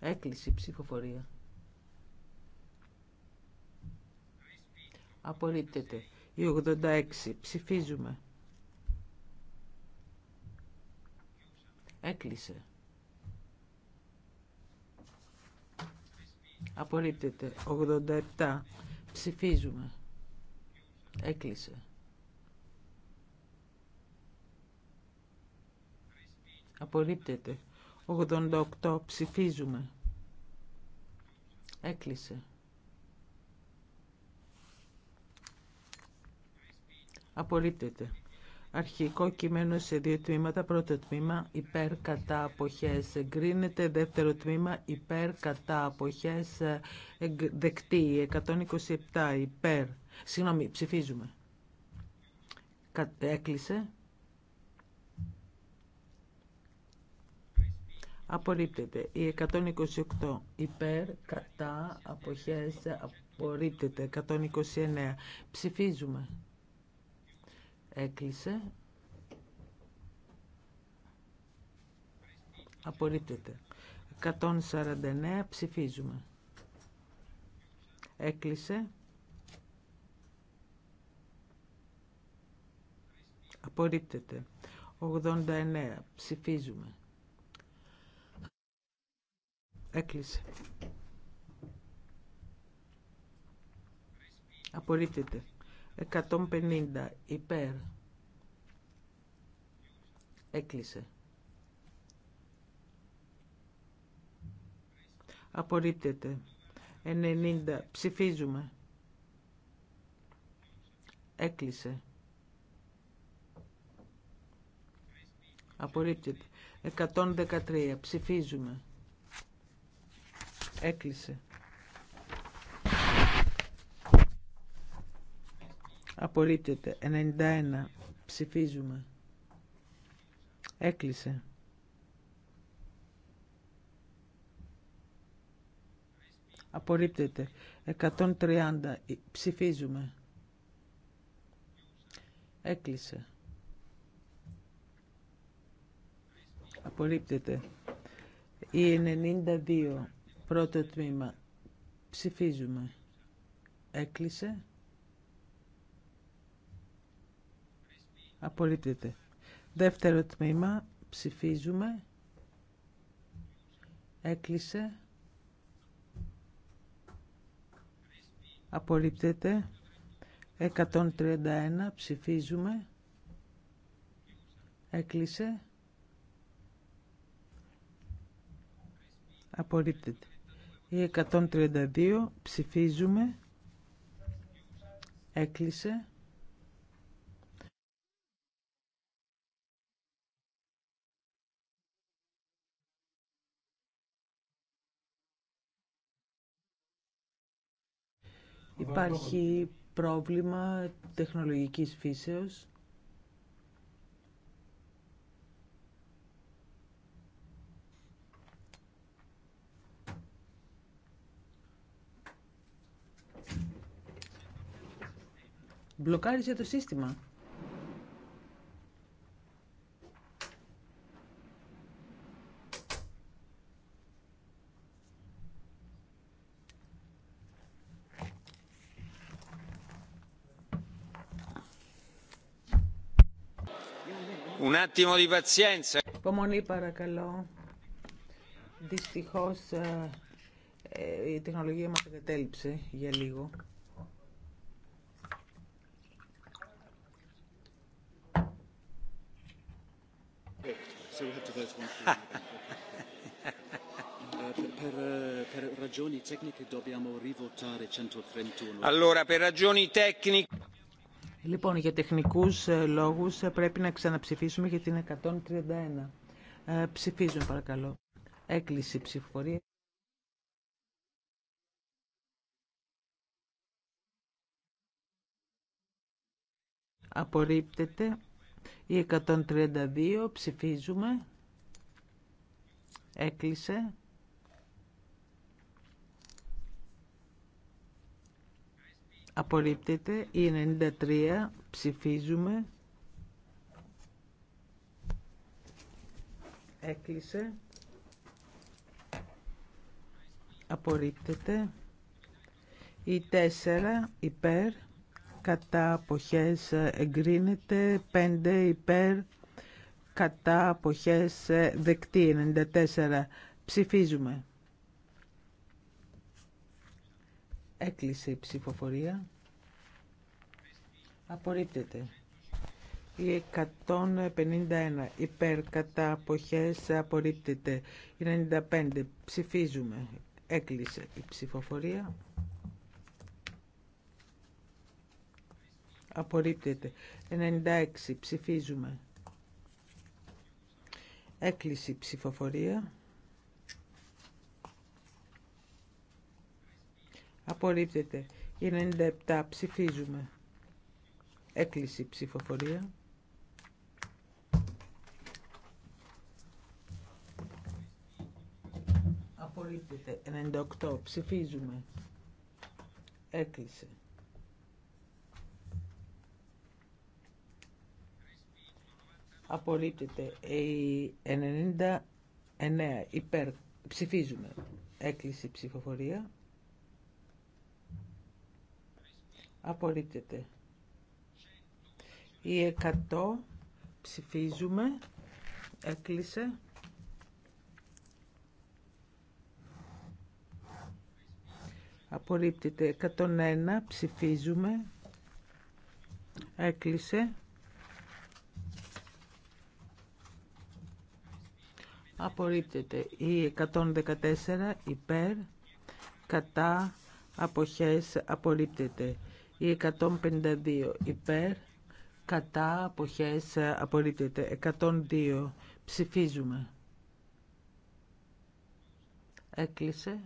Έκλεισε η ψηφοφορία. Απορρίπτεται. Η 86. Ψηφίζουμε. Έκλεισε. Απορρίπτεται. 87. Ψηφίζουμε. Έκλεισε. Απορρίπτεται. 88 ψηφίζουμε. Έκλεισε. Απορρίπτεται. Αρχικό κείμενο σε δύο τμήματα. Πρώτο τμήμα υπέρ κατά αποχές εγκρίνεται. Δεύτερο τμήμα υπέρ κατά αποχές δεκτή. 127 υπέρ. Συγγνώμη, ψηφίζουμε. Έκλεισε. απορρίπτεται. Η 128 υπέρ, κατά, αποχές, απορρίπτεται. 129 ψηφίζουμε. Έκλεισε. Απορρίπτεται. 149 ψηφίζουμε. Έκλεισε. Απορρίπτεται. 89 ψηφίζουμε. Έκλεισε. Απορρίπτεται. 150 υπέρ. Έκλεισε. Απορρίπτεται. 90. Ψηφίζουμε. Έκλεισε. Απορρίπτεται. 113. Ψηφίζουμε. Έκλεισε. Απορρίπτεται. 91. Ψηφίζουμε. Έκλεισε. Απορρίπτεται. 130. Ψηφίζουμε. Έκλεισε. Απορρίπτεται. Η 92. Πρώτο τμήμα. Ψηφίζουμε. Έκλεισε. Απορρίπτεται. Δεύτερο τμήμα. Ψηφίζουμε. Έκλεισε. Απορρίπτεται. 131. Ψηφίζουμε. Έκλεισε. Απορρίπτεται. Η 132 ψηφίζουμε. Έκλεισε. Υπάρχει πρόβλημα τεχνολογικής φύσεως. Μπλοκάριζε το σύστημα. Υπομονή παρακαλώ. Δυστυχώς ε, ε, η τεχνολογία μας εγκατέλειψε για λίγο. Λοιπόν, για τεχνικού ε, λόγου ε, πρέπει να ξαναψηφίσουμε για την 131. Ε, ψηφίζουμε παρακαλώ. Έκλειση ψηφοφορία. Απορρίπτεται. Η 132 ψηφίζουμε. Έκλεισε. Απορρίπτεται. Η 93. Ψηφίζουμε. Έκλεισε. Απορρίπτεται. Η 4. Υπέρ. Κατά αποχές εγκρίνεται. 5. Υπέρ κατά αποχές ε, δεκτή 94 ψηφίζουμε έκλεισε η ψηφοφορία απορρίπτεται η 151 υπέρ κατά αποχές απορρίπτεται 95 ψηφίζουμε έκλεισε η ψηφοφορία απορρίπτεται 96 ψηφίζουμε Έκλεισε η ψηφοφορία. Απορρίπτεται. 97 ψηφίζουμε. Έκλεισε η ψηφοφορία. Απορρίπτεται. 98 ψηφίζουμε. Έκλεισε. Απορρίπτεται. Η 99 υπέρ. Ψηφίζουμε. Έκλεισε ψηφοφορία. Απορρίπτεται. Οι 100 ψηφίζουμε. Έκλεισε. Απορρίπτεται. 101 ψηφίζουμε. Έκλεισε. απορρίπτεται. Η 114 υπέρ, κατά, αποχές, απορρίπτεται. Η 152 υπέρ, κατά, αποχές, απορρίπτεται. 102 ψηφίζουμε. Έκλεισε.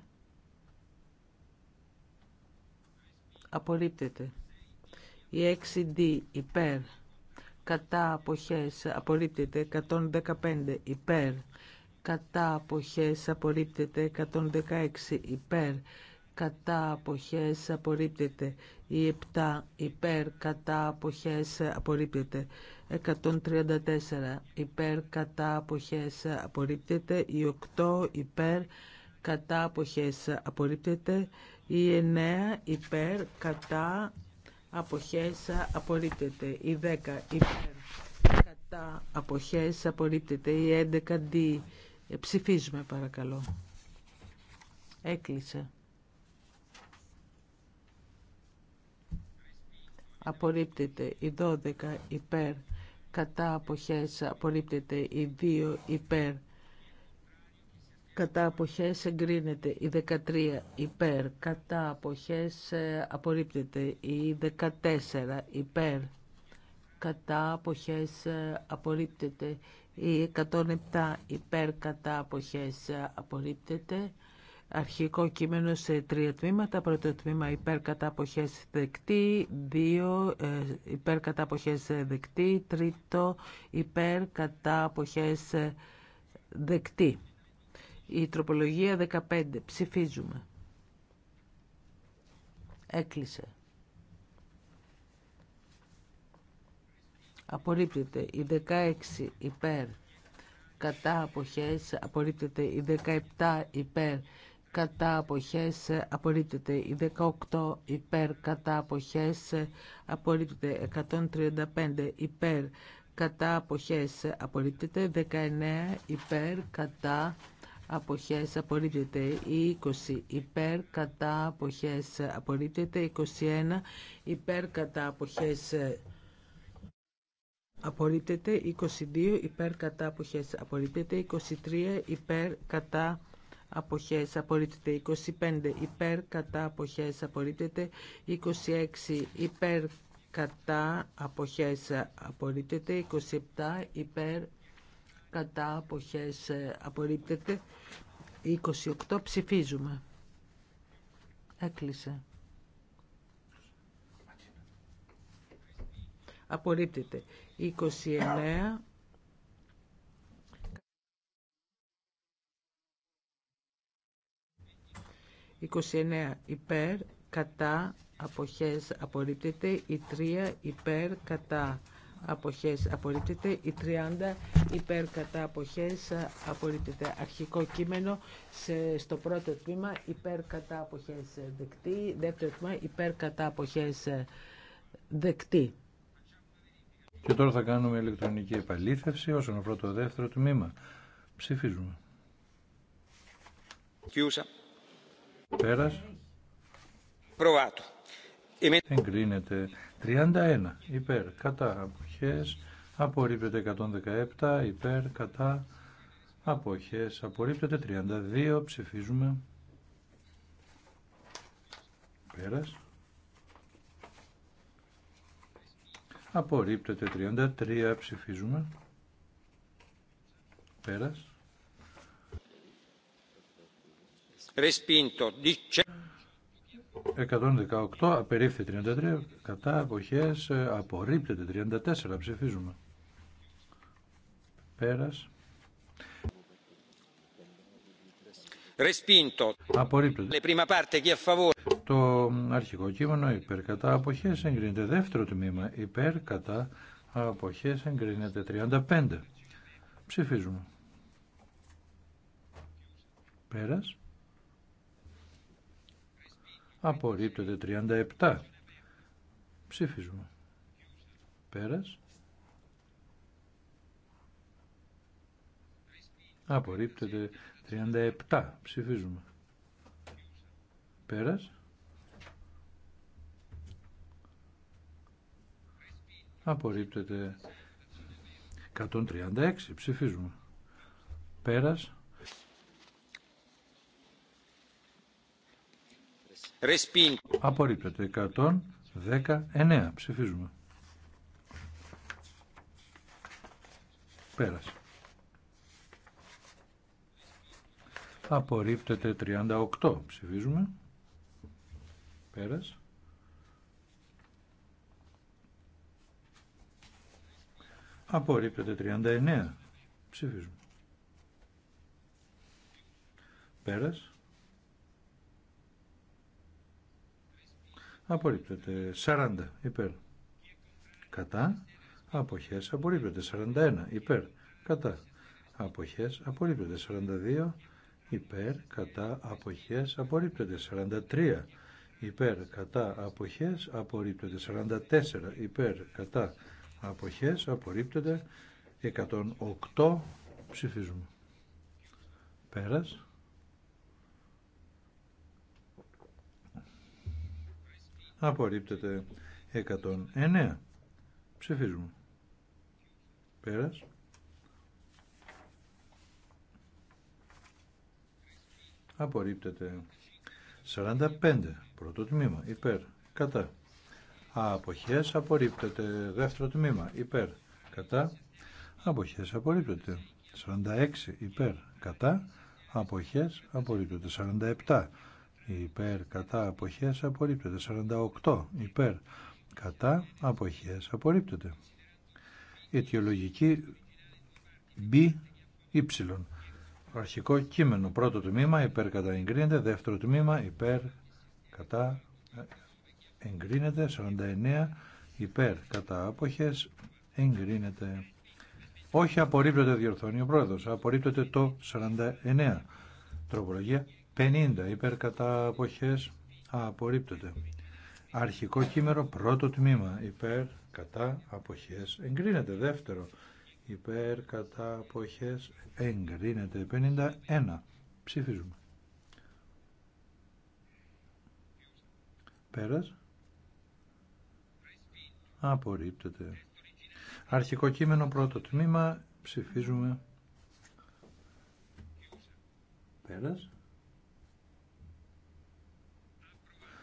Απορρίπτεται. Η 6D υπέρ, κατά, αποχές, απορρίπτεται. 115 υπέρ, κατά αποχές απορρίπτεται 116 υπέρ κατά αποχές απορρίπτεται η 7 υπέρ κατά αποχές απορρίπτεται 134 υπέρ κατά αποχές απορρίπτεται η 8 υπέρ κατά αποχές απορρίπτεται η 9 υπέρ κατά αποχές απορρίπτεται η 10 υπέρ κατά αποχές απορρίπτεται η 11 δι ε, ψηφίζουμε παρακαλώ. Έκλεισε. Απορρίπτεται η 12 υπέρ. Κατά αποχές απορρίπτεται η 2 υπέρ. Κατά αποχές εγκρίνεται η 13 υπέρ. Κατά αποχές ε, απορρίπτεται η 14 υπέρ. Κατά αποχές ε, απορρίπτεται η 107 υπέρ κατά αποχές απορρίπτεται. Αρχικό κείμενο σε τρία τμήματα. Πρώτο τμήμα υπέρ κατά αποχές δεκτή. Δύο ε, υπέρ κατά αποχές δεκτή. Τρίτο υπέρ κατά αποχές δεκτή. Η τροπολογία 15. Ψηφίζουμε. Έκλεισε. απορρίπτεται η 16 υπέρ κατά αποχές απορρίπτεται η 17 υπέρ κατά αποχές απορρίπτεται η 18 υπέρ κατά αποχές απορρίπτεται 135 υπέρ κατά αποχές απορρίπτεται 19 υπέρ κατά αποχές απορρίπτεται η 20 υπέρ κατά αποχές απορρίπτεται 21 υπέρ κατά αποχές απορρίπτεται 22 υπέρ κατά αποχές απορρίπτεται 23 υπέρ κατά αποχές απορρίπτεται 25 υπέρ κατά αποχές απορρίπτεται 26 υπέρ κατά αποχές απορρίπτεται 27 υπέρ κατά αποχές απορρίπτεται 28 ψηφίζουμε έκλεισε Απορρίπτεται. 29. «29 υπέρ, κατά, αποχές απορρίπτεται, η 3 υπέρ, κατά, αποχές απορρίπτεται, η 30 υπέρ, κατά, αποχές απορρίπτεται. Αρχικό κείμενο στο πρώτο τμήμα υπέρ, κατά, αποχές δεκτή, δεύτερο τμήμα υπέρ, κατά, αποχές δεκτή. Και τώρα θα κάνουμε ηλεκτρονική επαλήθευση όσον αφορά το δεύτερο τμήμα. Ψηφίζουμε. Κιούσα. Πέρας. Εγκρίνεται 31 υπέρ κατά αποχές, απορρίπτεται 117 υπέρ κατά αποχές, απορρίπτεται 32, ψηφίζουμε. Πέρας. Απορρίπτεται 33. Ψηφίζουμε. Πέρας. Respinto. 118. Απερίφθη 33. Κατά αποχές. Απορρίπτεται 34. Ψηφίζουμε. Πέρας. Respinto. Απορρίπτεται. Le prima parte chi a favore. Το αρχικό κείμενο υπέρ κατά αποχές εγκρίνεται. Δεύτερο τμήμα υπέρ κατά αποχές εγκρίνεται. 35. Ψηφίζουμε. Πέρας. Απορρίπτεται 37. Ψηφίζουμε. Πέρας. Απορρίπτεται 37. Ψηφίζουμε. Πέρας. Απορρίπτεται. 136. Ψηφίζουμε. Πέρας. Respin. Απορρίπτεται. 119. Ψηφίζουμε. Πέρας. Απορρίπτεται 38. Ψηφίζουμε. Πέρας. Απορρίπτεται 39. Ψήφισμα. Πέρας. Απορρίπτεται 40. Υπέρ. Κατά. Αποχές. Απορρίπτεται 41. Υπέρ. Κατά. Αποχές. Απορρίπτεται 42. Υπέρ. Κατά. Αποχές. Απορρίπτεται 43. Υπέρ, κατά, αποχές, απορρίπτεται. 44, υπέρ, κατά, αποχές απορρίπτεται 108 ψηφίζουμε πέρας απορρίπτεται 109 ψηφίζουμε πέρας απορρίπτεται 45 πρώτο τμήμα υπέρ κατά Αποχές απορρίπτεται. Δεύτερο τμήμα. Υπέρ. Κατά. Αποχές απορρίπτεται. 46. Υπέρ. Κατά. Αποχές απορρίπτεται. 47. Υπέρ. Κατά. Αποχές απορρίπτεται. 48. Υπέρ. Κατά. Αποχές απορρίπτεται. Αιτιολογική B. Y. Αρχικό κείμενο. Πρώτο τμήμα. Υπέρ. Κατά. Εγκρίνεται. Δεύτερο τμήμα. Υπέρ. Κατά εγκρίνεται 49 υπέρ κατά άποχες εγκρίνεται όχι απορρίπτεται διορθώνει ο πρόεδρος απορρίπτεται το 49 τροπολογία 50 υπέρ κατά αποχές απορρίπτεται αρχικό κείμενο πρώτο τμήμα υπέρ κατά αποχές εγκρίνεται δεύτερο υπέρ κατά αποχές εγκρίνεται 51 ψηφίζουμε Πέρασε απορρίπτεται. Αρχικό κείμενο πρώτο τμήμα ψηφίζουμε. Πέρας.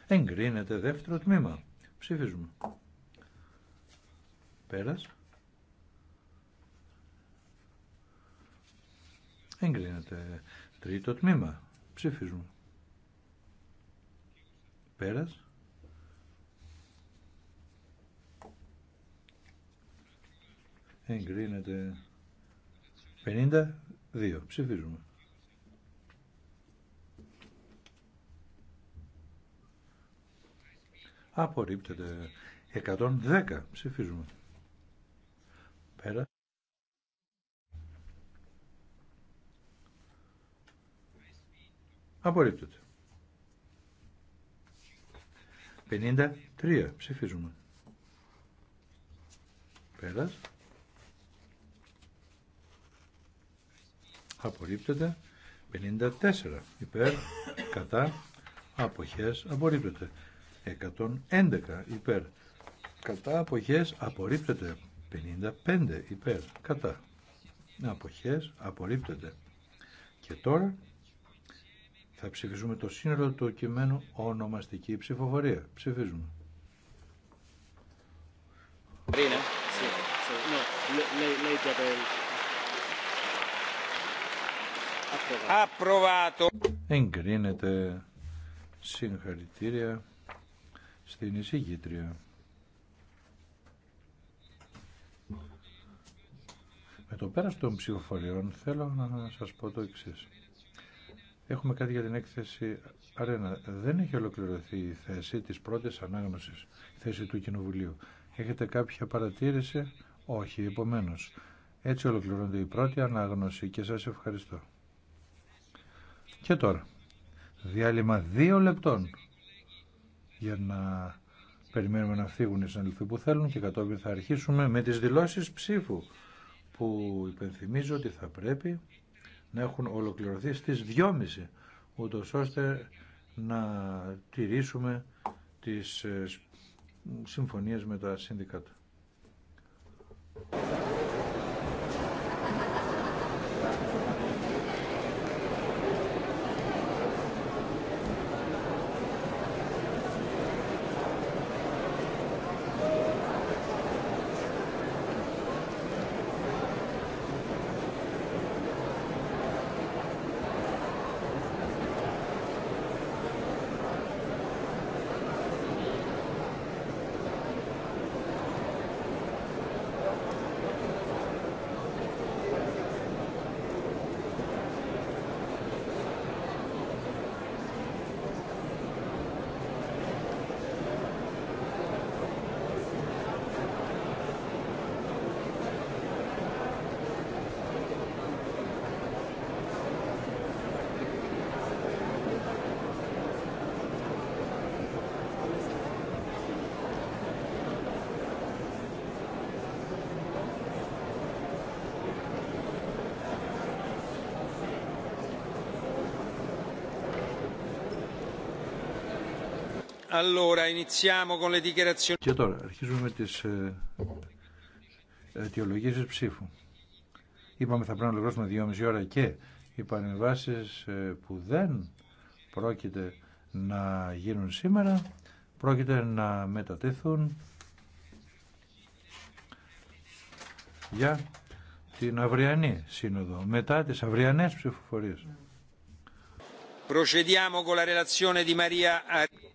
Εγκρίνεται δεύτερο τμήμα. Ψηφίζουμε. Πέρας. Εγκρίνεται τρίτο τμήμα. Ψηφίζουμε. Πέρας. Εγκρίνεται. 52. Ψηφίζουμε. Απορρίπτεται. 110. Ψηφίζουμε. Πέρα. Απορρίπτεται. 53. Ψηφίζουμε. Πέρας. απορρίπτεται 54 υπέρ κατά αποχές απορρίπτεται 111 υπέρ κατά αποχές απορρίπτεται 55 υπέρ κατά αποχές απορρίπτεται και τώρα θα ψηφίσουμε το σύνολο του κειμένου ονομαστική ψηφοφορία ψηφίζουμε Εγκρίνεται συγχαρητήρια στην εισηγήτρια. Με το πέρας των ψηφοφοριών θέλω να σας πω το εξή. Έχουμε κάτι για την έκθεση Αρένα. Δεν έχει ολοκληρωθεί η θέση της πρώτης ανάγνωσης, η θέση του Κοινοβουλίου. Έχετε κάποια παρατήρηση? Όχι, επομένως. Έτσι ολοκληρώνεται η πρώτη ανάγνωση και σας ευχαριστώ. Και τώρα, διάλειμμα δύο λεπτών για να περιμένουμε να φύγουν οι συναλληλθοί που θέλουν και κατόπιν θα αρχίσουμε με τις δηλώσεις ψήφου που υπενθυμίζω ότι θα πρέπει να έχουν ολοκληρωθεί στις δυόμιση ούτως ώστε να τηρήσουμε τις ε, συμφωνίες με τα σύνδικατα. Και τώρα αρχίζουμε με τις ε, ε, αιτιολογήσεις ψήφου. Είπαμε θα πρέπει να δύο δυόμιση ώρα και οι παρεμβάσεις ε, που δεν πρόκειται να γίνουν σήμερα πρόκειται να μετατέθουν για την αυριανή σύνοδο, μετά τις αυριανές ψηφοφορίες. Procediamo con la relazione di Maria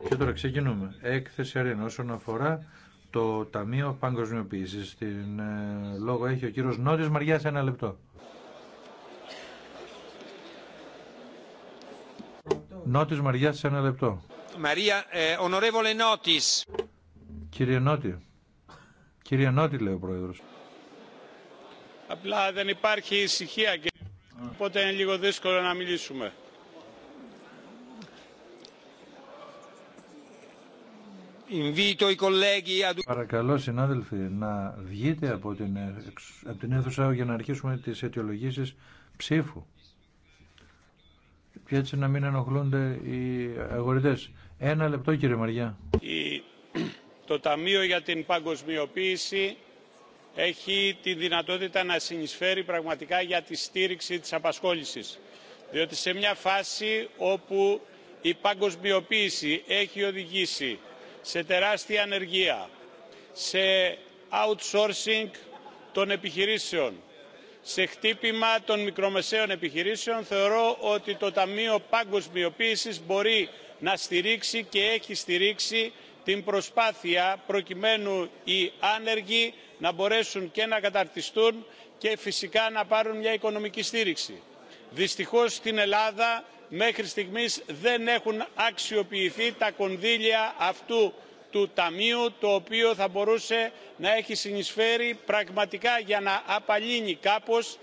και τώρα ξεκινούμε. Έκθεση αρένα όσον αφορά το Ταμείο Παγκοσμιοποίηση. Την ε, λόγο έχει ο κύριο Νότιο Μαριά ένα λεπτό. Νότης Μαριά ένα λεπτό. Μαρία, ε, Κύριε Νότη. Κύριε Νότη λέει ο Πρόεδρος. Απλά δεν υπάρχει ησυχία και οπότε είναι λίγο δύσκολο να μιλήσουμε. Παρακαλώ συνάδελφοι να βγείτε από την, από την αίθουσα για να αρχίσουμε τις αιτιολογήσεις ψήφου. Και έτσι να μην ενοχλούνται οι αγορητές. Ένα λεπτό κύριε Μαριά. Το Ταμείο για την Παγκοσμιοποίηση έχει τη δυνατότητα να συνεισφέρει πραγματικά για τη στήριξη της απασχόλησης. Διότι σε μια φάση όπου η παγκοσμιοποίηση έχει οδηγήσει σε τεράστια ανεργία, σε outsourcing των επιχειρήσεων, σε χτύπημα των μικρομεσαίων επιχειρήσεων, θεωρώ ότι το Ταμείο Παγκοσμιοποίησης μπορεί να στηρίξει και έχει στηρίξει την προσπάθεια προκειμένου οι άνεργοι να μπορέσουν και να καταρτιστούν και φυσικά να πάρουν μια οικονομική στήριξη. Δυστυχώς στην Ελλάδα μέχρι στιγμής δεν έχουν αξιοποιηθεί τα κονδύλια αυτού του ταμείου το οποίο θα μπορούσε να έχει συνεισφέρει πραγματικά για να απαλύνει κάπως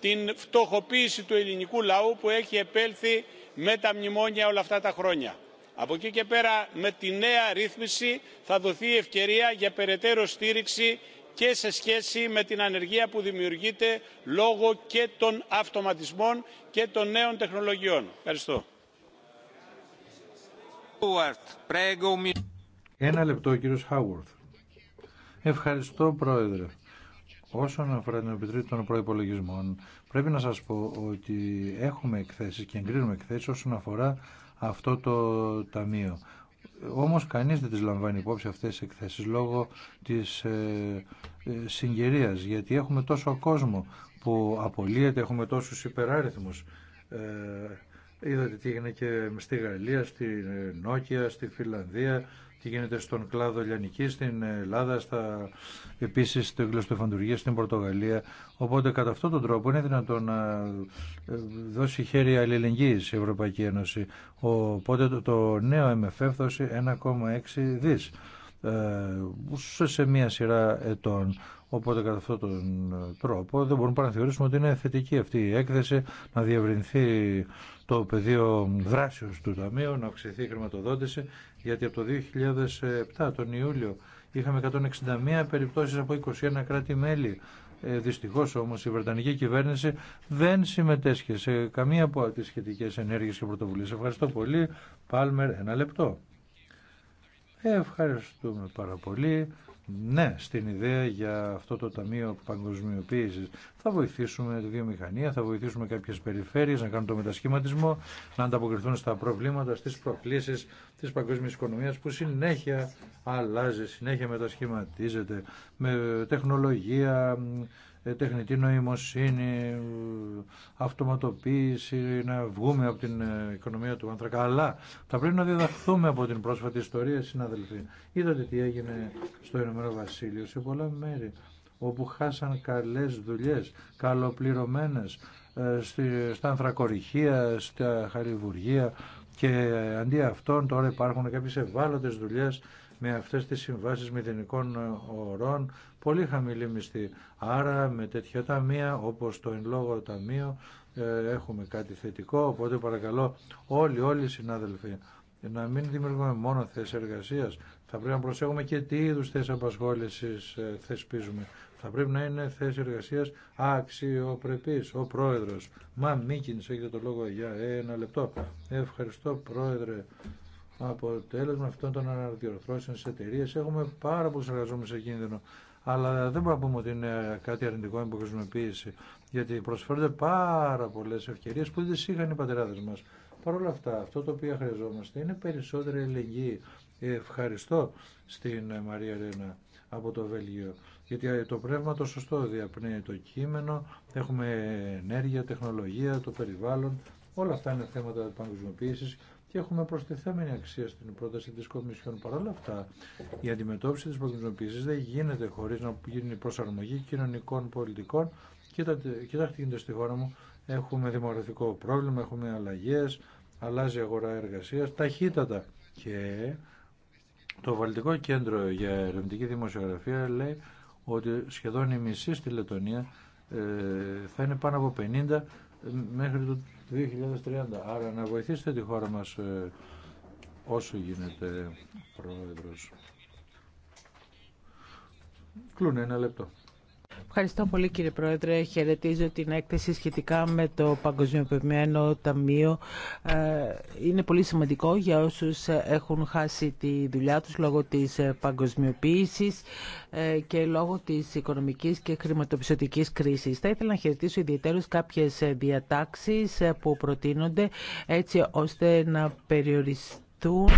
την φτωχοποίηση του ελληνικού λαού που έχει επέλθει με τα μνημόνια όλα αυτά τα χρόνια. Από εκεί και πέρα με τη νέα ρύθμιση θα δοθεί ευκαιρία για περαιτέρω στήριξη και σε σχέση με την ανεργία που δημιουργείται λόγω και των αυτοματισμών και των νέων τεχνολογιών. Ευχαριστώ. Ένα λεπτό, κύριο κύριος Χάουαρθ. Ευχαριστώ, Πρόεδρε. Όσον αφορά την επιτροπή των Προπολογισμών, πρέπει να σα πω ότι έχουμε εκθέσει και εγκρίνουμε εκθέσει όσον αφορά αυτό το ταμείο όμως κανείς δεν τις λαμβάνει υπόψη αυτές τις εκθέσεις λόγω της ε, ε γιατί έχουμε τόσο κόσμο που απολύεται, έχουμε τόσους υπεράριθμους ε, Είδατε τι γίνεται και στη Γαλλία, στη Νόκια, στη Φιλανδία, τι γίνεται στον κλάδο λιανική, στην Ελλάδα, στα, επίσης στο Γλωσσοφαντουργία, στην Πορτογαλία. Οπότε κατά αυτόν τον τρόπο είναι δυνατόν να ε, δώσει χέρι αλληλεγγύη η Ευρωπαϊκή Ένωση. Οπότε το νέο MFF δώσει 1,6 δι. Ε, σε μία σειρά ετών. Οπότε κατά αυτόν τον ε, τρόπο δεν μπορούμε να θεωρήσουμε ότι είναι θετική αυτή η έκθεση να διευρυνθεί το πεδίο δράσεως του Ταμείου, να αυξηθεί η χρηματοδότηση, γιατί από το 2007 τον Ιούλιο είχαμε 161 περιπτώσεις από 21 κράτη-μέλη. Ε, δυστυχώς όμως η Βρετανική κυβέρνηση δεν συμμετέσχε σε καμία από τι σχετικέ ενέργειες και πρωτοβουλίε. Ευχαριστώ πολύ. Πάλμερ, ένα λεπτό. Ευχαριστούμε πάρα πολύ. Ναι, στην ιδέα για αυτό το Ταμείο Παγκοσμιοποίησης θα βοηθήσουμε τη βιομηχανία, θα βοηθήσουμε κάποιες περιφέρειες να κάνουν το μετασχηματισμό, να ανταποκριθούν στα προβλήματα, στις προκλήσεις της παγκόσμιας οικονομίας που συνέχεια αλλάζει, συνέχεια μετασχηματίζεται με τεχνολογία, ε, τεχνητή νοημοσύνη, αυτοματοποίηση, να βγούμε από την ε, οικονομία του άνθρακα. Αλλά θα πρέπει να διδαχθούμε από την πρόσφατη ιστορία, συναδελφοί. Είδατε τι έγινε στο Ηνωμένο Βασίλειο, σε πολλά μέρη, όπου χάσαν καλές δουλειές, καλοπληρωμένες, ε, στα ανθρακοριχεία, στα χαριβουργία και αντί αυτών τώρα υπάρχουν κάποιες ευάλωτες δουλειές με αυτές τις συμβάσεις μηδενικών ορών πολύ χαμηλή μισθή. Άρα με τέτοια ταμεία όπως το εν λόγω ταμείο ε, έχουμε κάτι θετικό, οπότε παρακαλώ όλοι, όλοι οι συνάδελφοι να μην δημιουργούμε μόνο θέσει εργασία. Θα πρέπει να προσέχουμε και τι είδου θέσει απασχόληση ε, θεσπίζουμε. Θα πρέπει να είναι θέση εργασία αξιοπρεπή. Ο πρόεδρο. Μα κινείς έχετε το λόγο για ένα λεπτό. Ευχαριστώ, πρόεδρε. Αποτέλεσμα αυτών των αναδιορθώσεων στι εταιρείε έχουμε πάρα πολλού εργαζόμενου σε κίνδυνο αλλά δεν μπορούμε να πούμε ότι είναι κάτι αρνητικό η παγκοσμιοποίηση, γιατί προσφέρονται πάρα πολλέ ευκαιρίε που δεν είχαν οι πατεράδε μα. Παρ' όλα αυτά, αυτό το οποίο χρειαζόμαστε είναι περισσότερη ελεγγύη. Ευχαριστώ στην Μαρία Ρένα από το Βέλγιο. Γιατί το πνεύμα το σωστό διαπνέει το κείμενο, έχουμε ενέργεια, τεχνολογία, το περιβάλλον. Όλα αυτά είναι θέματα παγκοσμιοποίηση και έχουμε προστιθέμενη αξία στην πρόταση τη Κομισιόν. Παρ' όλα αυτά, η αντιμετώπιση τη παγκοσμιοποίησης δεν γίνεται χωρί να γίνει προσαρμογή κοινωνικών πολιτικών. Κοιτάξτε, κοιτάξτε γίνεται στη χώρα μου, έχουμε δημογραφικό πρόβλημα, έχουμε αλλαγέ, αλλάζει η αγορά εργασία, ταχύτατα. Και το Βαλτικό Κέντρο για Ερευνητική Δημοσιογραφία λέει ότι σχεδόν η μισή στη Λετωνία ε, θα είναι πάνω από 50 μέχρι το 2030. Άρα να βοηθήσετε τη χώρα μας ε, όσο γίνεται πρόεδρος. Κλούνε ένα λεπτό. Ευχαριστώ πολύ κύριε Πρόεδρε. Χαιρετίζω την έκθεση σχετικά με το Παγκοσμιοποιημένο Ταμείο. Ε, είναι πολύ σημαντικό για όσους έχουν χάσει τη δουλειά τους λόγω της παγκοσμιοποίησης ε, και λόγω της οικονομικής και χρηματοπιστωτικής κρίσης. Θα ήθελα να χαιρετήσω ιδιαίτερως κάποιες διατάξεις που προτείνονται έτσι ώστε να περιοριστούν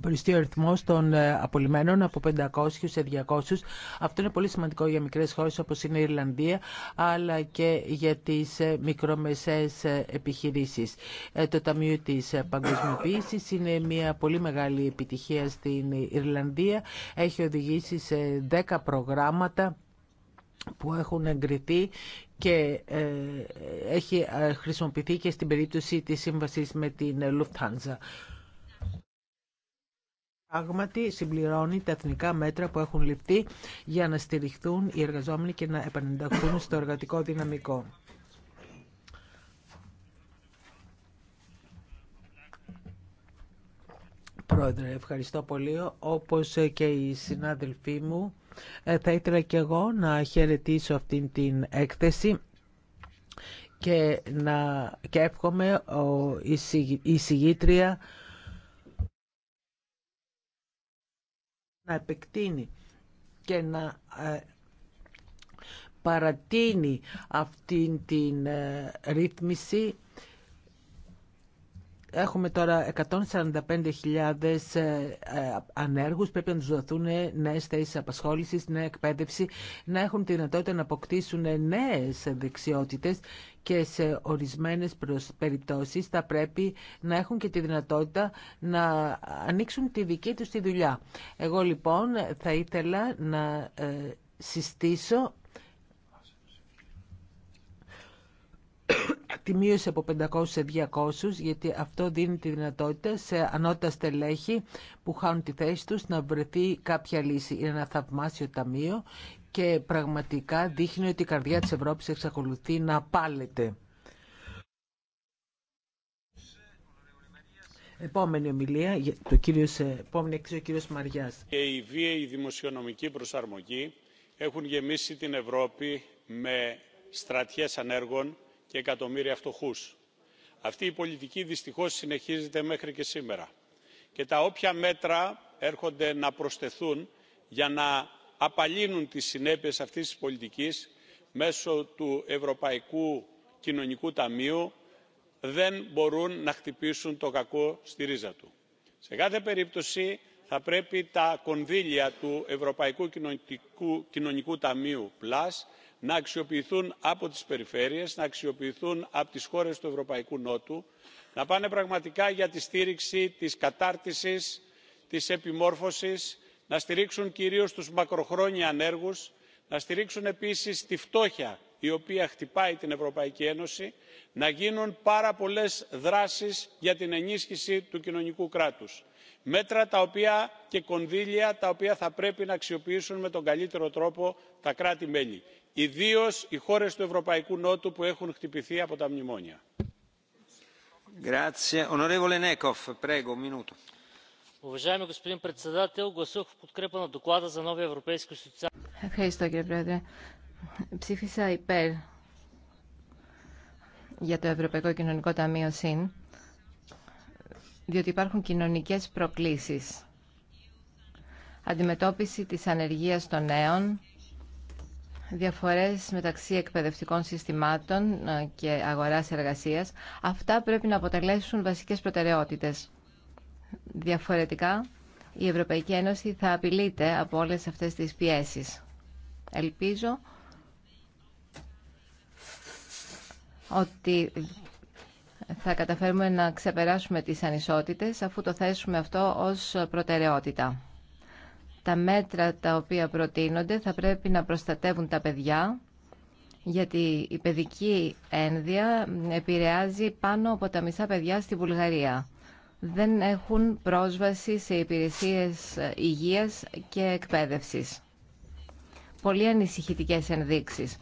περιστεί ο αριθμό των ε, απολυμμένων από 500 σε 200. Αυτό είναι πολύ σημαντικό για μικρέ χώρε όπω είναι η Ιρλανδία, αλλά και για τι ε, μικρομεσαίε επιχειρήσει. Ε, το Ταμείο τη Παγκοσμιοποίηση είναι μια πολύ μεγάλη επιτυχία στην Ιρλανδία. Έχει οδηγήσει σε 10 προγράμματα που έχουν εγκριθεί και έχει χρησιμοποιηθεί και στην περίπτωση της σύμβασης με την Lufthansa. Πράγματι συμπληρώνει τα εθνικά μέτρα που έχουν ληφθεί για να στηριχθούν οι εργαζόμενοι και να επανενταχθούν στο εργατικό δυναμικό. Πρόεδρε, ευχαριστώ πολύ. Όπως και οι συνάδελφοί μου, ε, θα ήθελα και εγώ να χαιρετήσω αυτήν την έκθεση και, να, και εύχομαι η συγήτρια. να επεκτείνει και να ε, παρατείνει αυτήν την ε, ρύθμιση Έχουμε τώρα 145.000 ε, ε, ανέργους, πρέπει να τους δοθούν νέες θέσεις απασχόλησης, νέα εκπαίδευση, να έχουν τη δυνατότητα να αποκτήσουν νέες δεξιότητες και σε ορισμένες περιπτώσεις θα πρέπει να έχουν και τη δυνατότητα να ανοίξουν τη δική τους τη δουλειά. Εγώ λοιπόν θα ήθελα να ε, συστήσω τη μείωση από 500 σε 200, γιατί αυτό δίνει τη δυνατότητα σε ανώτατα στελέχη που χάνουν τη θέση τους να βρεθεί κάποια λύση. Είναι ένα θαυμάσιο ταμείο και πραγματικά δείχνει ότι η καρδιά της Ευρώπης εξακολουθεί να πάλεται. Επόμενη ομιλία, το κύριος, ε, επόμενη ο κύριος Μαριάς. Και η βία, η δημοσιονομική προσαρμογή έχουν γεμίσει την Ευρώπη με στρατιές ανέργων, και εκατομμύρια φτωχούς. αυτή η πολιτική δυστυχώς συνεχίζεται μέχρι και σήμερα και τα όποια μέτρα έρχονται να προσθεθούν για να απαλύνουν τις συνέπειες αυτής της πολιτικής μέσω του ευρωπαϊκού κοινωνικού ταμείου δεν μπορούν να χτυπήσουν το κακό στη ρίζα του. σε κάθε περίπτωση θα πρέπει τα κονδύλια του ευρωπαϊκού κοινωνικού ταμείου plus να αξιοποιηθούν από τις περιφέρειες να αξιοποιηθούν από τις χώρες του ευρωπαϊκού νότου να πάνε πραγματικά για τη στήριξη της κατάρτισης της επιμόρφωσης να στηρίξουν κυρίως τους μακροχρόνια ανέργους να στηρίξουν επίσης τη φτώχεια η οποία χτυπάει την ευρωπαϊκή ένωση να γίνουν πάρα πολλές δράσεις για την ενίσχυση του κοινωνικού κράτους μέτρα οποία και κονδύλια τα οποία θα πρέπει να αξιοποιήσουν με τον καλύτερο τρόπο τα κράτη μέλη. Ιδίω οι χώρες του ευρωπαϊκού νότου που έχουν χτυπηθεί από τα μνημόνια. Ευχαριστώ κύριε Πρόεδρε. Ψήφισα υπέρ για το Ευρωπαϊκό Κοινωνικό Ταμείο ΣΥΝ διότι υπάρχουν κοινωνικές προκλήσεις. Αντιμετώπιση της ανεργία των νέων, διαφορές μεταξύ εκπαιδευτικών συστημάτων ε, και αγοράς εργασίας, αυτά πρέπει να αποτελέσουν βασικές προτεραιότητες. Διαφορετικά, η Ευρωπαϊκή Ένωση θα απειλείται από όλες αυτές τις πιέσεις. Ελπίζω ότι θα καταφέρουμε να ξεπεράσουμε τις ανισότητες αφού το θέσουμε αυτό ως προτεραιότητα. Τα μέτρα τα οποία προτείνονται θα πρέπει να προστατεύουν τα παιδιά, γιατί η παιδική ένδυα επηρεάζει πάνω από τα μισά παιδιά στη Βουλγαρία. Δεν έχουν πρόσβαση σε υπηρεσίες υγείας και εκπαίδευσης. Πολύ ανησυχητικές ενδείξεις.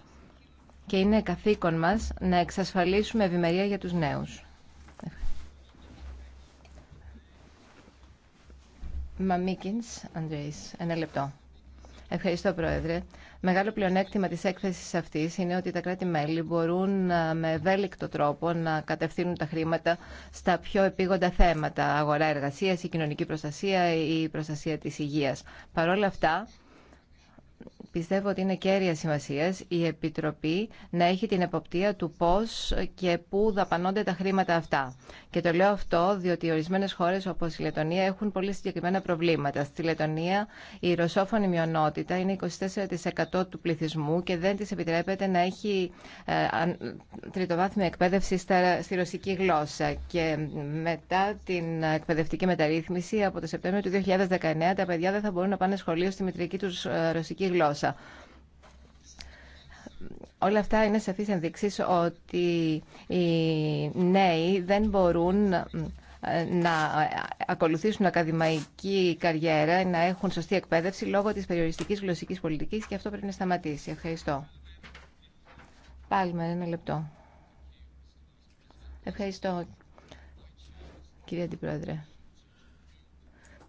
Και είναι καθήκον μας να εξασφαλίσουμε ευημερία για τους νέους. Μαμίκινς, Αντρέης, ένα λεπτό. Ευχαριστώ, Πρόεδρε. Μεγάλο πλεονέκτημα της έκθεσης αυτής είναι ότι τα κράτη-μέλη μπορούν με ευέλικτο τρόπο να κατευθύνουν τα χρήματα στα πιο επίγοντα θέματα, αγορά εργασίας, η κοινωνική προστασία, η προστασία της υγείας. Παρ' όλα αυτά, πιστεύω ότι είναι κέρια σημασία η Επιτροπή να έχει την εποπτεία του πώ και πού δαπανώνται τα χρήματα αυτά. Και το λέω αυτό διότι ορισμένε χώρε όπω η Λετωνία έχουν πολύ συγκεκριμένα προβλήματα. Στη Λετωνία η ρωσόφωνη μειονότητα είναι 24% του πληθυσμού και δεν τη επιτρέπεται να έχει ε, τριτοβάθμια εκπαίδευση στη ρωσική γλώσσα. Και μετά την εκπαιδευτική μεταρρύθμιση από το Σεπτέμβριο του 2019 τα παιδιά δεν θα μπορούν να πάνε σχολείο στη μητρική του ε, ρωσική γλώσσα. Όλα αυτά είναι σαφείς ενδείξεις ότι οι νέοι δεν μπορούν ε, να ακολουθήσουν ακαδημαϊκή καριέρα, να έχουν σωστή εκπαίδευση λόγω της περιοριστικής γλωσσικής πολιτικής και αυτό πρέπει να σταματήσει. Ευχαριστώ. Πάλι με ένα λεπτό. Ευχαριστώ, κύριε Αντιπρόεδρε.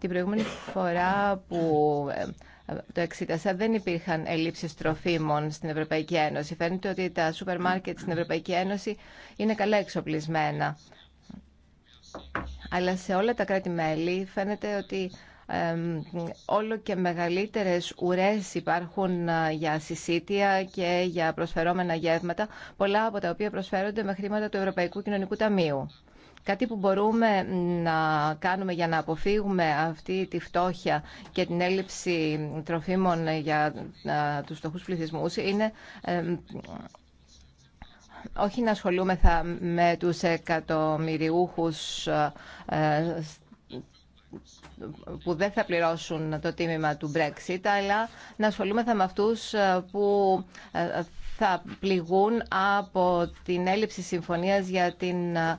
Την προηγούμενη φορά που ε, το εξήτασα δεν υπήρχαν ελλείψεις τροφίμων στην Ευρωπαϊκή Ένωση. Φαίνεται ότι τα σούπερ μάρκετ στην Ευρωπαϊκή Ένωση είναι καλά εξοπλισμένα. Αλλά σε όλα τα κράτη-μέλη φαίνεται ότι όλο και μεγαλύτερες ουρές υπάρχουν ε, για συσίτια και για προσφερόμενα γεύματα, πολλά από τα οποία προσφέρονται με χρήματα του Ευρωπαϊκού Κοινωνικού Ταμείου. Κάτι που μπορούμε να κάνουμε για να αποφύγουμε αυτή τη φτώχεια και την έλλειψη τροφίμων για τους στοχούς πληθυσμούς είναι όχι να ασχολούμεθα με τους εκατομμυριούχους ε, που δεν θα πληρώσουν το τίμημα του Brexit, αλλά να ασχολούμεθα με αυτούς που θα πληγούν από την έλλειψη συμφωνίας για την ε,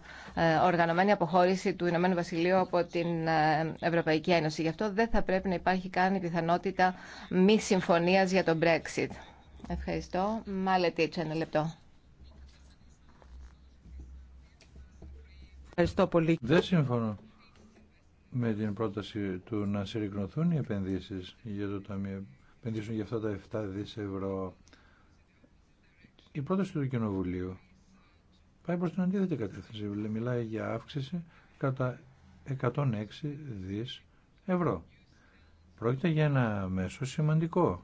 οργανωμένη αποχώρηση του Ηνωμένου Βασιλείου από την ε, Ευρωπαϊκή Ένωση. Γι' αυτό δεν θα πρέπει να υπάρχει καν η πιθανότητα μη συμφωνίας για τον Brexit. Ευχαριστώ. έτσι ένα λεπτό. Ευχαριστώ πολύ. Δεν συμφωνώ με την πρόταση του να συρρυκνωθούν οι επενδύσεις για το Ταμείο επενδύσουν για αυτά τα 7 δις ευρώ η πρόταση του Κοινοβουλίου πάει προς την αντίθετη κατεύθυνση. Μιλάει για αύξηση κατά 106 δις ευρώ. Πρόκειται για ένα μέσο σημαντικό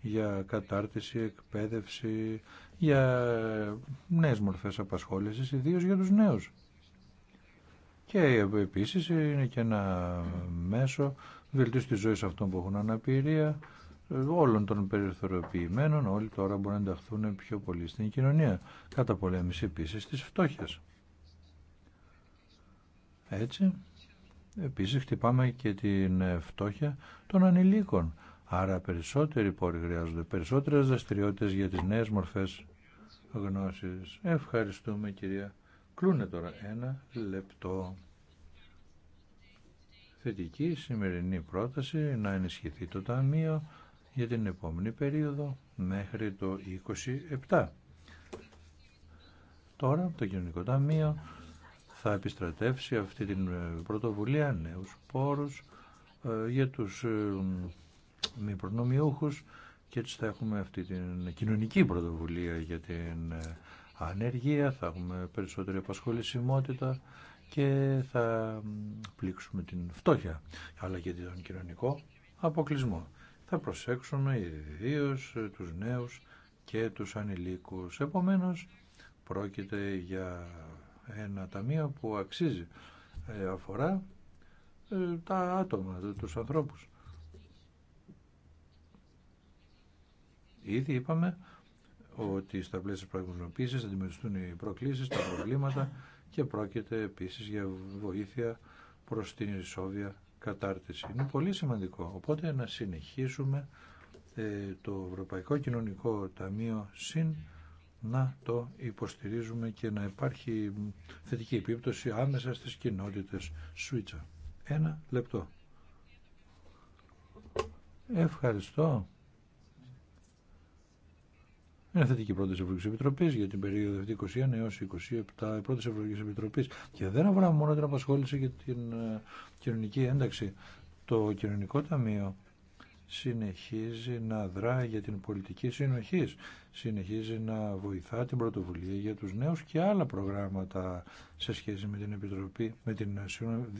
για κατάρτιση, εκπαίδευση, για νέες μορφές απασχόλησης, ιδίως για τους νέους. Και επίσης είναι και ένα μέσο βελτίωση της ζωής αυτών που έχουν αναπηρία, όλων των περιθωριοποιημένων όλοι τώρα μπορούν να ενταχθούν πιο πολύ στην κοινωνία. Κατά πολέμηση επίσης της φτώχειας. Έτσι, επίσης χτυπάμε και την φτώχεια των ανηλίκων. Άρα περισσότεροι πόροι χρειάζονται, περισσότερες δραστηριότητες για τις νέες μορφές γνώσης. Ευχαριστούμε κυρία Κλούνε τώρα ένα λεπτό. Θετική σημερινή πρόταση να ενισχυθεί το Ταμείο για την επόμενη περίοδο μέχρι το 27. Τώρα το Κοινωνικό Ταμείο θα επιστρατεύσει αυτή την ε, πρωτοβουλία νέους πόρους ε, για τους ε, μη προνομιούχους και έτσι θα έχουμε αυτή την κοινωνική πρωτοβουλία για την ανεργία, θα έχουμε περισσότερη απασχολησιμότητα και θα πλήξουμε την φτώχεια αλλά και τον κοινωνικό αποκλεισμό θα προσέξουμε ιδίω ε, τους νέους και τους ανηλίκους. Επομένως, πρόκειται για ένα ταμείο που αξίζει. Ε, αφορά ε, τα άτομα, τους ανθρώπους. Ήδη είπαμε ότι στα πλαίσια πραγματοποίησης θα αντιμετωπιστούν οι προκλήσεις, τα προβλήματα και πρόκειται επίσης για βοήθεια προς την ισόβια κατάρτιση. Είναι πολύ σημαντικό. Οπότε να συνεχίσουμε ε, το Ευρωπαϊκό Κοινωνικό Ταμείο συν να το υποστηρίζουμε και να υπάρχει θετική επίπτωση άμεσα στις κοινότητες Σουίτσα. Ένα λεπτό. Ευχαριστώ. Είναι θετική πρόταση Ευρωπαϊκή Επιτροπή για την περίοδο 2021 21 έω 27 πρόταση Ευρωπαϊκή Επιτροπή. Και δεν αφορά μόνο την απασχόληση και την ε, κοινωνική ένταξη. Το κοινωνικό ταμείο συνεχίζει να δράει για την πολιτική συνοχή. Συνεχίζει να βοηθά την πρωτοβουλία για τους νέους και άλλα προγράμματα σε σχέση με την Επιτροπή, με την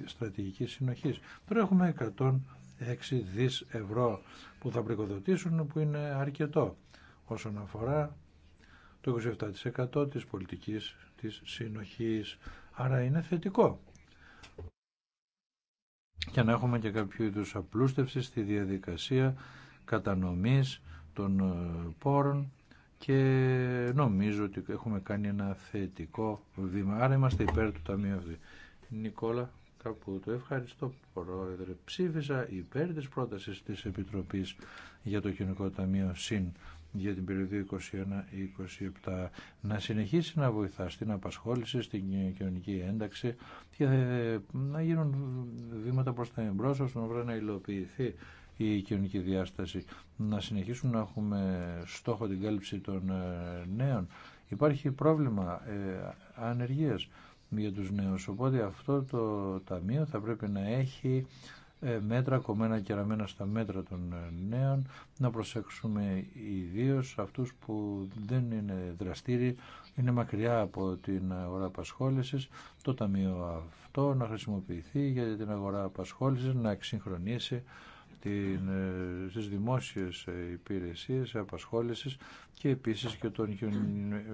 στρατηγική συνοχή. Τώρα έχουμε 106 δις ευρώ που θα πρικοδοτήσουν που είναι αρκετό όσον αφορά το 27% της πολιτικής της συνοχής. Άρα είναι θετικό. Και να έχουμε και κάποιο είδους απλούστευση στη διαδικασία κατανομής των ε, πόρων και νομίζω ότι έχουμε κάνει ένα θετικό βήμα. Άρα είμαστε υπέρ του Ταμείου αυτή. Νικόλα το ευχαριστώ Πρόεδρε. Ψήφισα υπέρ της πρότασης της Επιτροπής για το Κοινωνικό Ταμείο ΣΥΝ για την περίοδο 21-27 να συνεχίσει να βοηθά στην απασχόληση, στην κοινωνική ένταξη και ε, να γίνουν βήματα προς τα εμπρός ώστε να υλοποιηθεί η κοινωνική διάσταση, να συνεχίσουν να έχουμε στόχο την κάλυψη των ε, νέων. Υπάρχει πρόβλημα ε, ανεργίας για τους νέους, οπότε αυτό το ταμείο θα πρέπει να έχει ε, μέτρα κομμένα και ραμμένα στα μέτρα των ε, νέων, να προσέξουμε ιδίω αυτούς που δεν είναι δραστήριοι, είναι μακριά από την αγορά απασχόλησης. Το ταμείο αυτό να χρησιμοποιηθεί για την αγορά απασχόλησης, να εξυγχρονίσει την, ε, στις δημόσιες ε, υπηρεσίες απασχόλησης και επίσης και τον ε,